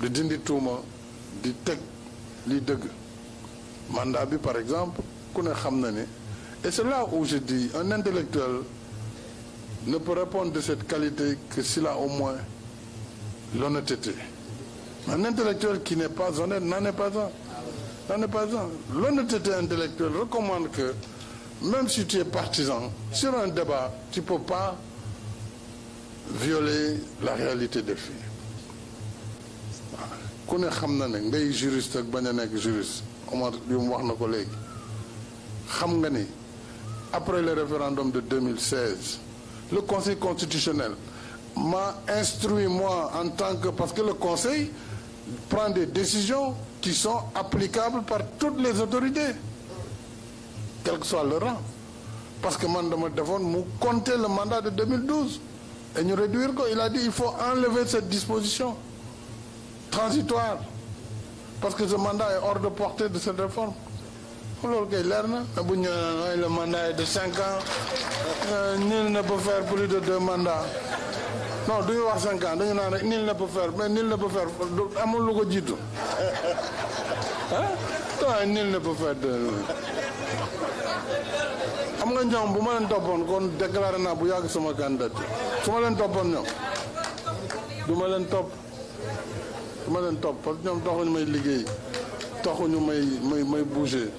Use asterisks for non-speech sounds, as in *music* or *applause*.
di dindi tuuma di teg li dëgg mandat bi par exemple ku ne xam na ne et c'est là où je dis un intellectuel ne peut répondre de cette qualité que s'il au moins l'honnêteté un intellectuel qui n'est pas honnête n'en est pas un n'en est pas l'honnêteté intellectuelle recommande que même si tu es partisan sur un débat tu peux pas violer la réalité de faits ku ne xam na ne ngay juriste ak bañ a nekk juriste Omar bi mu wax na ko léegi xam nga ni après le référendum de 2016 le conseil constitutionnel m'a instruit moi en tant que parce que le conseil prend des décisions qui sont applicables par toutes les autorités quel que soit le rang parce que man dama defoon mu compter le mandat de 2012 et ñu réduire ko il a dit il faut enlever cette disposition transitoire parce que ce mandat est hors de portée de cette réforme loolu kay leer na ah, bu ñu ñëwee le mandat est de cinq ans euh, nul ne peut faire plus de deux mandats non du ñu wax cinq ans dañu naan rek nul ne peut faire mais nul ne peut faire amul lu ko jiitu *laughs* ah xam nga ñoom bu ma leen toppoon kon déclaré naa bu yàgg sama candidat su ma leen toppoon ñoom du leen topp. dama leen topp parce que ñoom taxuñu may liggéey taxuñu may may may bouger.